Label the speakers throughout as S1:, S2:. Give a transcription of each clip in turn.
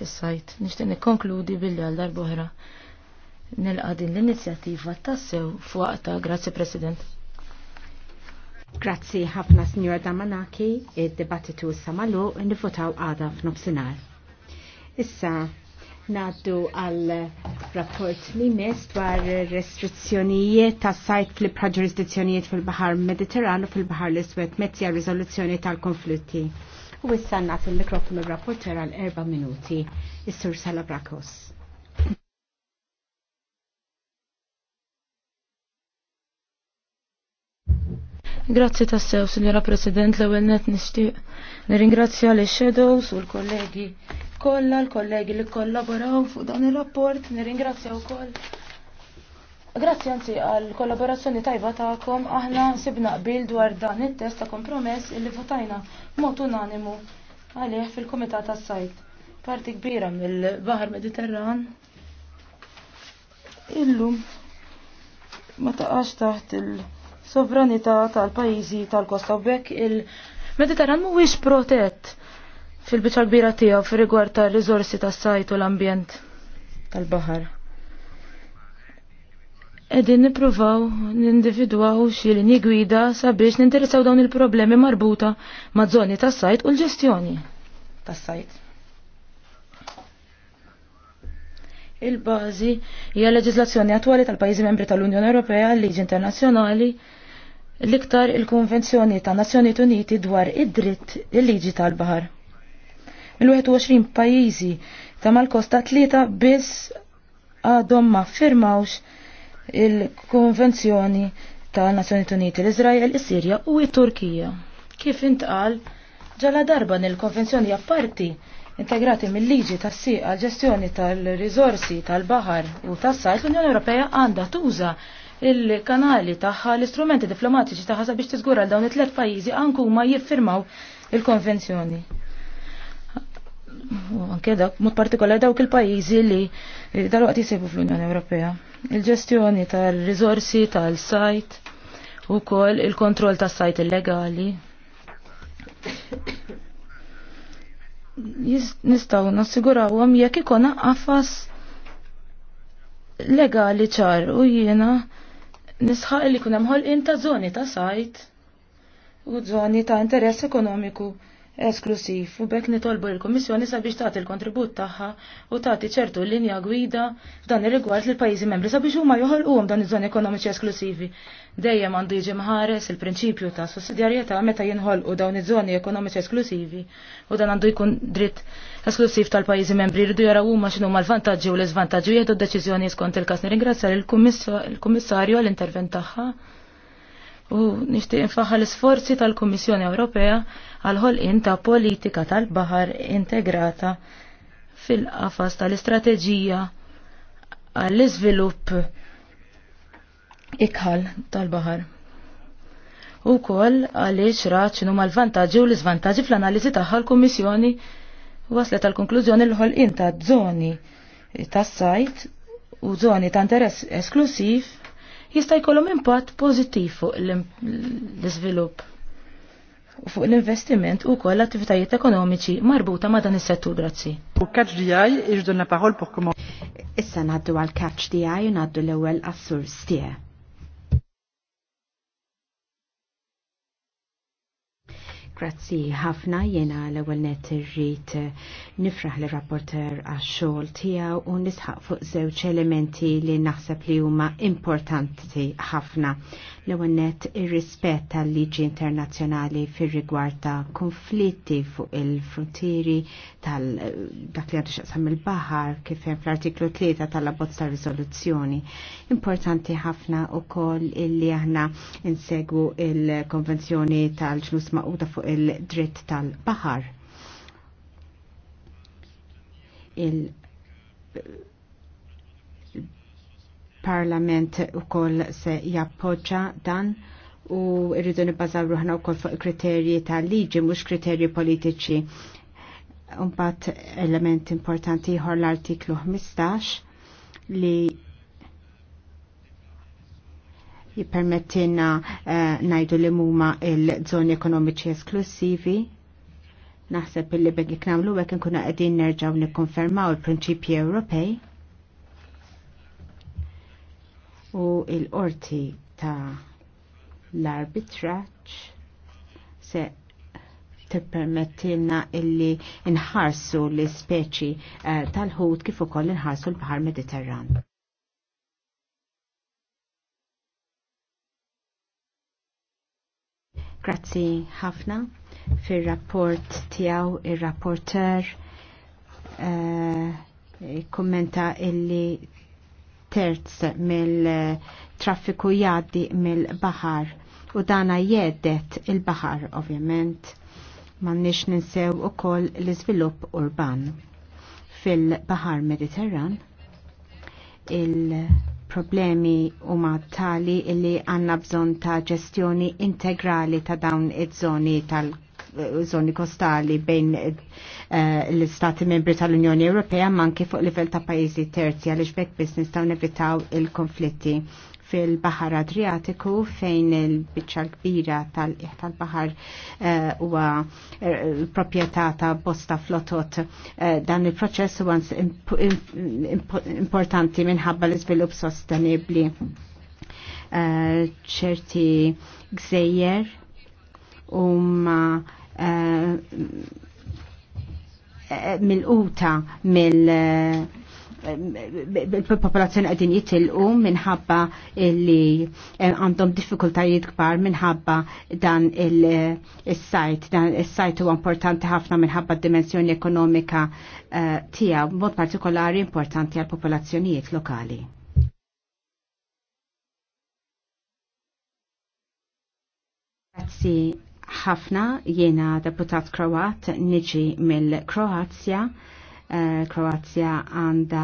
S1: fis-sajt. Nixtieq nikkonkludi billi għal darbohra nilqa' din l-inizjattiva tassew f'waqta. Grazzi President. Grazzi ħafna Signor
S2: Damanaki, id-dibattitu samalu nifutaw għada f'nofsinhar. Issa naddu għal rapport li mis dwar restrizzjonijiet ta' sajt fl-ibħar ġurisdizzjonijiet fil-Bahar Mediterranu fil-Bahar l-Iswed mezzja riżoluzzjoni tal-konflitti u issa nagħti il-mikrofonu rapporter għal erba' minuti, is-Sur Salabrakos.
S1: Grazzi tassew, Signora President, l ewwel net nixtieq nirringrazzja li shadows u l-kollegi kollha, l-kollegi li kollaboraw fuq dan ir-rapport, nirringrazzja wkoll Grazzi anzi għal kollaborazzjoni tajba ta'kom, aħna sibna qbil dwar dan it-test ta' kompromess illi votajna mod unanimu għalih fil-Komitat tas-Sajt. Parti kbira mill-Baħar Mediterran. Illum ma taqax taħt il-sovranità tal-pajjiżi tal-Kosta u bekk il-Mediterran mhuwiex protett fil-biċċa kbira tiegħu fir-rigward tar-riżorsi tas-sajt u l-ambjent tal-baħar. Edin niprufaw nindividwaw xi linji gwida sabiex ninteressaw dawn il-problemi marbuta ma' żoni tas-sajt u l-ġestjoni tas-sajt. Il-bażi hija leġiżlazzjoni attwali tal-pajjiżi membri tal-Unjoni Ewropea l-liġi internazzjonali l-iktar il-Konvenzjoni ta' Nazzjonijiet Uniti dwar id-dritt il-liġi tal-baħar. Mill-21 pajjiżi ta' mal-kosta tlieta biss għadhom ma firmawx il-Konvenzjoni ta' Nazzjoni Uniti l-Izrael, is-Sirja u it-Turkija. Kif intqal ġala darba nil-konvenzjoni apparti integrati mill-liġi tas siqa ġestjoni tal-rizorsi tal-bahar u tas-sajt l-Unjoni Ewropea għandha tuża il-kanali tagħha l-istrumenti diplomatiċi tagħha sabiex tiżgura dawn it tlet pajjiżi anku ma jiffirmaw il-konvenzjoni. Anke dak mod partikolari dawk il-pajjiżi li dalwaqt jisibu fl-Unjoni Ewropea il-ġestjoni tal-rizorsi tal-sajt u kol il-kontroll tas-sajt illegali. Nistaw nassigurawhom jekk ikona għafas legali ċar u jiena nisħaq li kunem ħolqien ta' zoni ta' sajt u zoni ta' interess ekonomiku esklusiv u bekk nitolbu l-Komissjoni sabiex tagħti l-kontribut tagħha u tagħti ċertu linja gwida f'dan ir-rigward lil pajjiżi membri sabiex huma joħolquhom dan iż-żoni ekonomiċi esklusivi. Dejjem għandu jiġi mħares il-prinċipju ta' sussidjarjetà meta jinħolqu dawn iż-żoni ekonomiċi esklusivi u dan għandu jkun dritt esklusiv tal-pajjiżi membri jridu jara huma x'inhu l-vantaġġi u l-iżvantaġġi jieħdu deċiżjoni skont il-każ. Nirringrazzjar il-Kummissarju għall-intervent tagħha u nixtieq infaħħa l-isforzi tal-Kummissjoni Ewropea għal ħolqien ta' politika tal-baħar integrata fil-qafas tal-istrateġija għall-iżvilupp ikħal tal-baħar. U kol għaliex raċinu mal-vantagġi u l-izvantagġi fl-analizi tagħha l-Kummissjoni waslet tal konklużjoni l-ħolqien ta' zoni tas-sajt u zoni ta' interess esklusiv jista' jkollhom impatt pożittiv fuq l-iżvilupp u fuq l-investiment u koll attivitajiet ekonomiċi marbuta ma dan is-settur grazzi. U catch
S2: DI iġdu la parol pour comment. Issa naddu għal catch DI u naddu l-ewwel assur stie. Grazzi ħafna jena l-ewel net irrit nifraħ l rapporter għax xogħol tiegħu u nisħaq fuq żewġ elementi li naħseb li huma importanti ħafna l net il rispett tal-liġi internazzjonali fir-rigward ta' konflitti fuq il-frontieri tal-dak li għandu xaqsam il-bahar kif hemm fl-artiklu 3 tal-abbozz ta' Rizoluzzjoni. Importanti ħafna wkoll illi aħna insegwu il-Konvenzjoni tal-ġnus maquda fuq il-dritt tal-bahar. Il il-Parlament ukoll se jappoġġa dan u rridu nibbażaw ruħna wkoll fuq kriterji ta' liġi mhux kriterji politiċi. Imbagħad element importanti ieħor l-artiklu 15 li jipermettina uh, eh, najdu li muma il-żoni ekonomiċi esklusivi. Naħseb illi bekk namlu għek nkuna qegħdin nerġgħu nikkonfermaw il-prinċipji Ewropej u il-qorti ta' l-arbitraċ se tippermettilna illi nħarsu l-speċi eh, tal-ħut kif ukoll inħarsu l-Bahar Mediterran. Grazzi ħafna fir-rapport tiegħu ir-rapporter uh, kommenta illi terz mill-traffiku jaddi mill-bahar u dana jedet il-bahar ovvjament mannix ninsew u koll l-izvilup urban fil-bahar mediterran il-problemi huma tali illi għanna bżon ta' ġestjoni integrali ta' dawn iż-żoni tal- zoni kostali bejn eh, l istati membri tal-Unjoni Ewropea manki fuq livell ta' pajjiżi terzi għaliex bekk business ta' nevitaw il-konflitti fil-Bahar Adriatiku fejn il-biċċa kbira tal-Bahar eh, huwa eh, proprjetà ta' bosta flotot. Dan il-proċess huwa importanti minħabba l-iżvilupp sostenibbli ċerti gżejjer u ma mil il-popolazzjoni għedin jitilqu minħabba li eh, għandhom diffikultajiet kbar minħabba dan il-sajt. Dan il-sajt huwa importanti ħafna minħabba d-dimensjoni ekonomika eh, tiegħu, mod partikolari importanti għal popolazzjonijiet lokali. Grazzi ħafna jiena deputat Kroat niġi mill-Kroazja. Eh, Kroazja għanda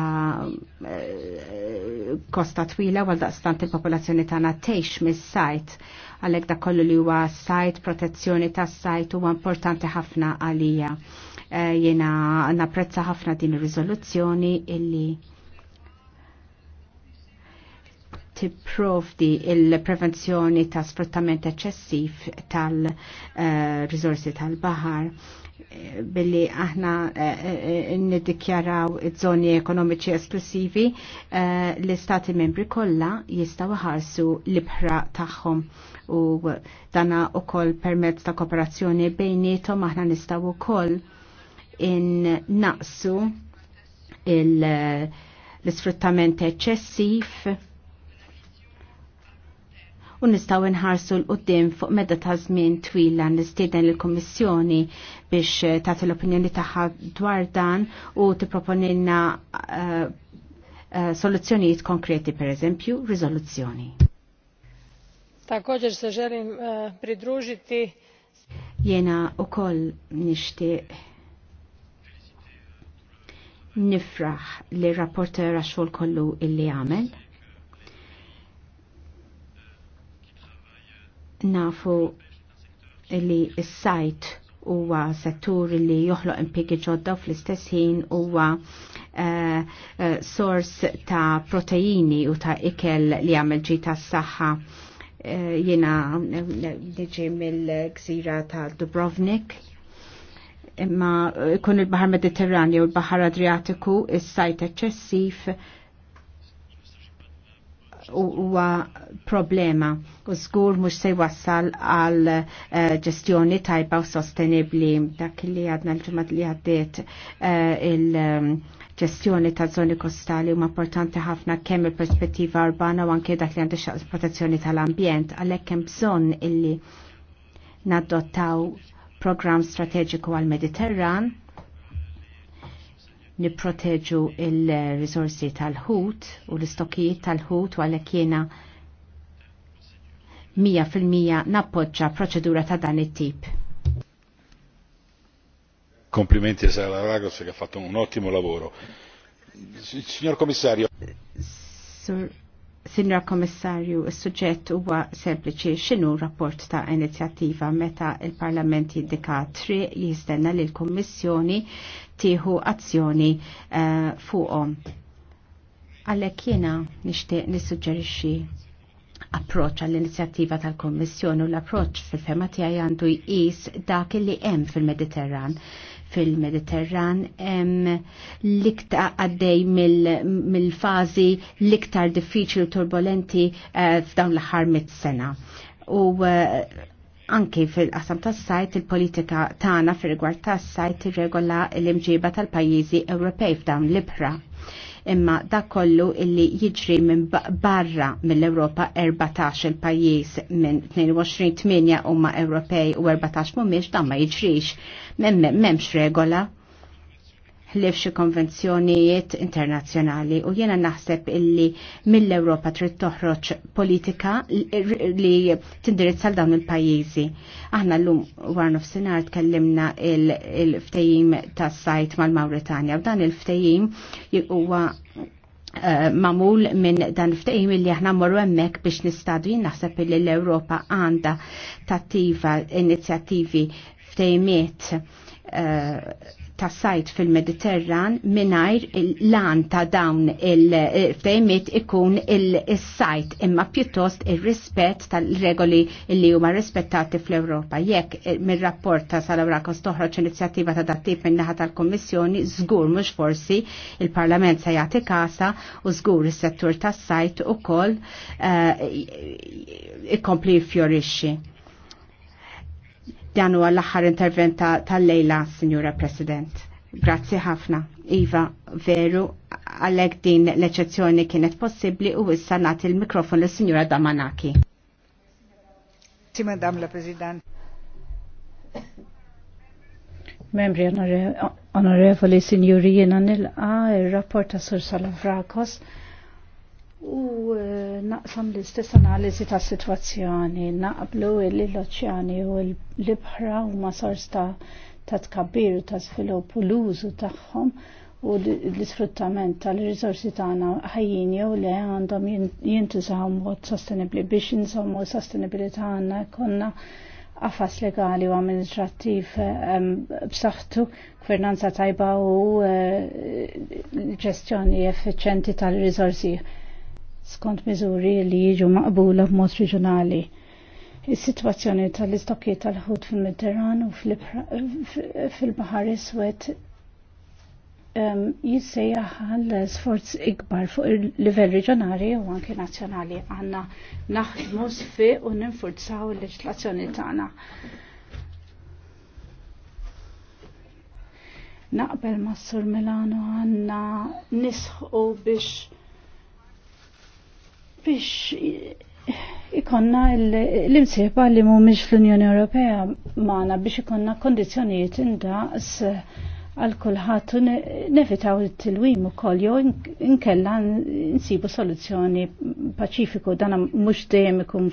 S2: eh, kosta twila għal daqstant il-popolazzjoni tagħna tgħix mis-sajt għalhekk dak kollu li huwa sajt, protezzjoni tas-sajt huwa importanti ħafna għalija. Eh, jiena napprezza ħafna din ir-riżoluzzjoni illi tipprovdi il-prevenzjoni ta' sfruttament eċessiv tal-rizorsi uh, tal-bahar billi aħna eh, eh, niddikjaraw iż-żoni ekonomiċi esklusivi eh, l-istati membri kollha jistgħu ħarsu l-ibħra tagħhom u dana koll permezz ta' kooperazzjoni bejnietom aħna nistgħu ukoll in naqsu l-isfruttament eċċessiv u nistaw nħarsu l-qoddim fuq medda ta' żmien twila nistieden l kummissjoni biex eh, tagħti l-opinjoni tagħha dwar dan u tipproponilna eh, eh, soluzzjonijiet konkreti, per eżempju, riżoluzzjoni.
S3: Također se želim pridružiti
S2: jena u koll nishti nifraħ li rapporter għaxol kollu illi għamel. nafu li s-sajt huwa settur li joħloq impjegi ġodda fl-istess ħin huwa uh, sors ta' proteini u ta' ikel li għamil ġi ta' s-saħħa eh, jina jena liġi mill-gżira ta' Dubrovnik imma kun il-Bahar Mediterranju u l-Bahar Adriatiku is-sajt eċċessiv huwa problema u żgur mhux se jwassal għal eh, ġestjoni tajba u sostenibbli dak li għadna l-ġimgħat li għaddiet eh, il- ehm, ġestjoni ta' zoni kostali huma importanti ħafna kemm il-perspettiva urbana u anke dak li għandu protezzjoni tal-ambjent għalhekk hemm bżonn illi nadottaw program strateġiku għal-Mediterran niproteġu il-risorsi tal-ħut u l-istokijiet tal-ħut u għalek jena 100% nappoġġa proċedura ta' dan it-tip.
S1: Komplimenti a Sara Ragos che ha fatto un ottimo lavoro. Signor Commissario.
S2: Sir. Sinra Komissarju, il-sujġett huwa sempliċi xinu rapport ta' inizjattiva meta il-Parlament jiddika tri li l kommissjoni tieħu azzjoni uh, fuqhom. Għalhekk jiena nixtieq nissuġġerixxi approċ għall-inizjattiva tal-Kommissjoni u l-approċ fil-fema tiegħi għandu jqis dak li hemm fil-Mediterran fil-Mediterran l-iktar għaddej mill-fazi l-iktar diffiċli u turbolenti eh, f'dawn l-ħar mit-sena. U eh, Anki fil-qasam tas sajt il-politika tagħna fil rigward tas sajt regola l-imġiba tal-pajjiżi Ewropej f'dawn l ibra Imma da' kollu illi jiġri minn barra mill-Ewropa 14 il-pajjiż minn 22 8 huma Ewropej u 14 mhumiex dan ma jiġrix. M'hemmx regola ħlif xi konvenzjonijiet internazzjonali u jiena naħseb illi mill-Ewropa trid toħroġ politika li tindirizza dawn il-pajjiżi. Aħna llum war nofsinhar tkellimna il-ftehim tas-sajt mal mauritania u dan il ftejim huwa eh, mamul minn dan ftehim li aħna morru hemmhekk biex nistadu jien naħseb li l-Ewropa għandha tattiva inizjattivi ftejimiet. Eh, ta' sajt fil-Mediterran minajr l-an ta' dawn il fejmit ikun il-sajt imma pjuttost il-rispet tal-regoli li huma rispettati fl-Europa. Jekk mir-rapport ta' Salawrakos toħroġ inizjattiva ta' dattib minnaħa tal-Kommissjoni, żgur mhux forsi il-Parlament se jagħti kasa u żgur is-settur tas-sajt ukoll uh, ikompli fjorixi. Dan huwa l-aħħar intervent tal-lejla, Signora President. Grazzi ħafna. Iva, veru, għalek din l-eċezzjoni kienet possibli u issa nagħti il-mikrofon lis signora Damanaki. Grazie, Madame la President.
S3: Membri onorevoli, signori, jena nilqa il-rapport ta' Sur Salavrakos U eh, naqsam l-istess analizi ta' situazzjoni, naqblu l-oċjani u l-ibħra u ma' sors ta' ta' tkabbir ta' svilup u l-użu tagħhom u l-isfruttament tal-risorsi tagħna ħajjin jew le għandhom jintużaw mod sostenibbli biex insommu sostenibilità għandna konna għafas legali u amministrattiv ehm, b'saħħtu, gvernanza tajba u eh, ġestjoni effiċenti tal-risorsi skont miżuri li jiġu maqbula b'mod reġjonali. Is-sitwazzjoni tal-istokkiet tal-ħut fil-Mediterran u fil-Bahar Iswed um, jissejjaħal sforz ikbar fuq il-livell reġjonali u anke nazzjonali għandna naħdmu sfi u ninfurzaw il-leġislazzjoni tagħna. Naqbel ma' Sur Milano għanna nisħu biex biex ikonna l-imsieħba li mhumiex fl-Unjoni Ewropea maħna biex ikonna kondizzjonijiet indaqs għal kulħadd nefitaw il it-tilwim ukoll jew inkella nsibu soluzzjoni paċifiku dan mhux dejjem ikun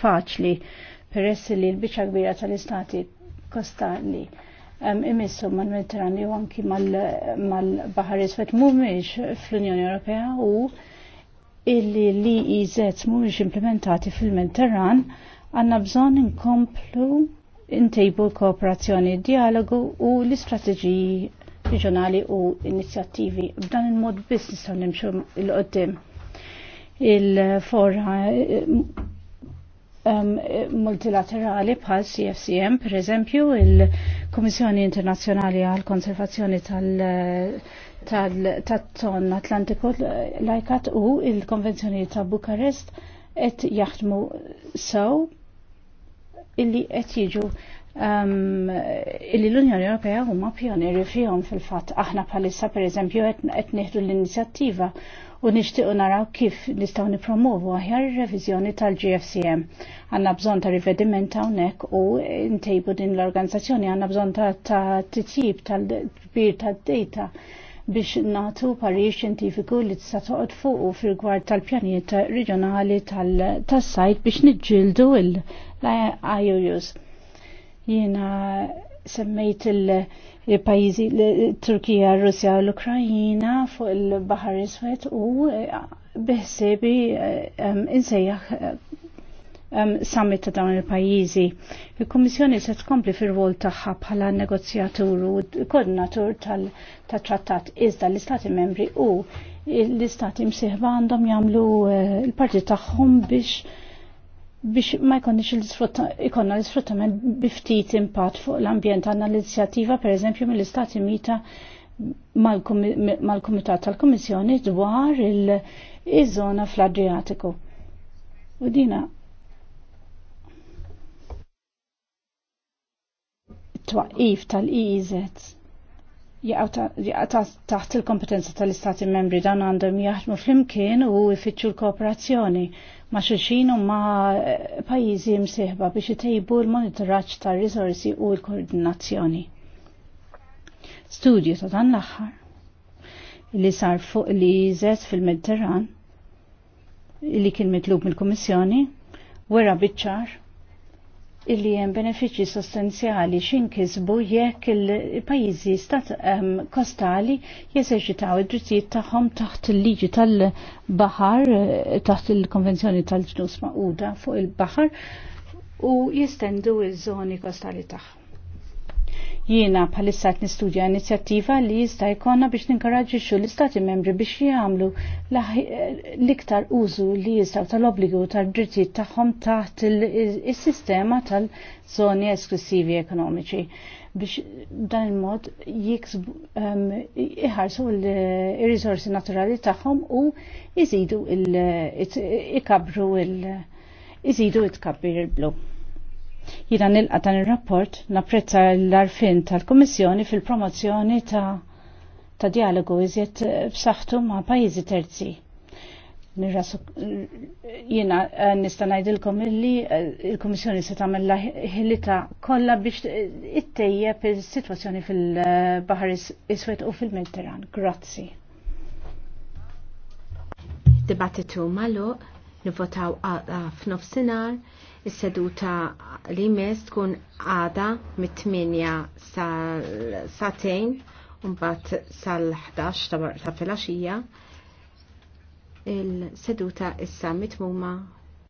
S3: faċli peress li l-biċċa kbira tal-istati li imissu mal-Mediterranju anki mal baħaris fet mhumiex fl-Unjoni Ewropea u illi li IZ e mhuwiex implementati fil-Mediterran għanna bżonn inkomplu intejbu l-kooperazzjoni, dialogu u l-istrateġiji reġjonali u inizjattivi. B'dan il-mod biss nistgħu nimxu l-qoddim. Il-forra um, multilaterali bħal CFCM, per eżempju, il-Komissjoni Internazzjonali għal Konservazzjoni tal- tal-ton Atlantiku lajkat u il-konvenzjoni ta' Bukarest et jaħdmu sew illi qed jiġu um, illi l-Unjoni Ewropea huma pjoniri fihom fil-fatt aħna bħalissa pereżempju qed nieħdu l-inizjattiva u nixtiequ naraw kif nistgħu nippromovu aħjar ir-reviżjoni tal-GFCM. Għandna bżonn ta' rivediment hawnhekk u ntejbu din l-organizzazzjoni għandna bżonn ta' titjib tal-kbir tad-data. Ta biex natu pari xjentifiku li tista' toqgħod fuqu fil-gwar tal-pjanijiet reġjonali tas-sajt biex niġġieldu l-IOUs. Jiena semmejt il-pajjiżi Turkija, Russja u l-Ukrajina fuq il-Baħar Iswed u eh, biħsiebi eh, insejjaħ eh, um, summit ta' dawn il-pajjiżi. Il-Kummissjoni se tkompli fir-rwol tagħha bħala negozjatur u koordinatur tal-trattat iżda l-Istati membri u l-Istati msieħba għandhom jagħmlu eh, l-parti tagħhom biex biex ma jkonniex ikonna l-isfruttament biftit impatt fuq l-ambjent għandna l-inizjattiva pereżempju mill-Istati Mita mal-Kumitat tal-Kummissjoni dwar il-żona fl-Adriatiku. U dina twaqif tal-EZ jaqaw taħt il-kompetenza tal-istati membri dan għandhom jaħdmu flimkien u jfittxu l-kooperazzjoni ma xulxin u ma pajizi msiħba biex jtejbu l-monitoraċ ta' risorsi u l-koordinazzjoni. Studio ta' dan l-axħar li sar fuq li jizet fil-Mediterran li kien mitlub mill komissjoni wera biċċar illi hemm benefiċċji sostanzjali xinkisbu jekk il-pajjiżi stat um, kostali jeżerċitaw id-drittijiet tagħhom taħt il-liġi tal-baħar eh, taħt il-konvenzjoni tal-ġnus maquda fuq il bahar u jistendu il żoni kostali tagħhom. Jiena bħalissa qed nistudja inizjattiva li jista' jkollna biex ninkoraġġixxu l-Istati membri biex jagħmlu l-iktar użu li jistgħu tal-obbligu tad-drittijiet tagħhom taħt is-sistema tal-żoni esklusivi ekonomiċi biex dan il-mod jiksbu ehm, iħarsu l-risorsi naturali tagħhom u jżidu il-ikabru il-iżidu it-kabbir il-blu. Jina nilqa dan il-rapport napprezza l-arfin tal-Komissjoni fil-promozzjoni ta', ta dialogu iżjed eh, b'saħħtu ma' pajjiżi terzi. Jina eh, nista' ngħidilkom illi eh, il-Komissjoni se tagħmel ħilita kollha biex ittejjeb is-sitwazzjoni fil-Baħar Iswed u fil-Mediterran. Grazzi.
S2: Dibattitu magħluq. Nivvotaw f'nofsinhar Is-seduta li mest tkun għada mit-8 sal-satejn un-bat sal-11
S1: ta' filaxija. Il-seduta issa mitmuma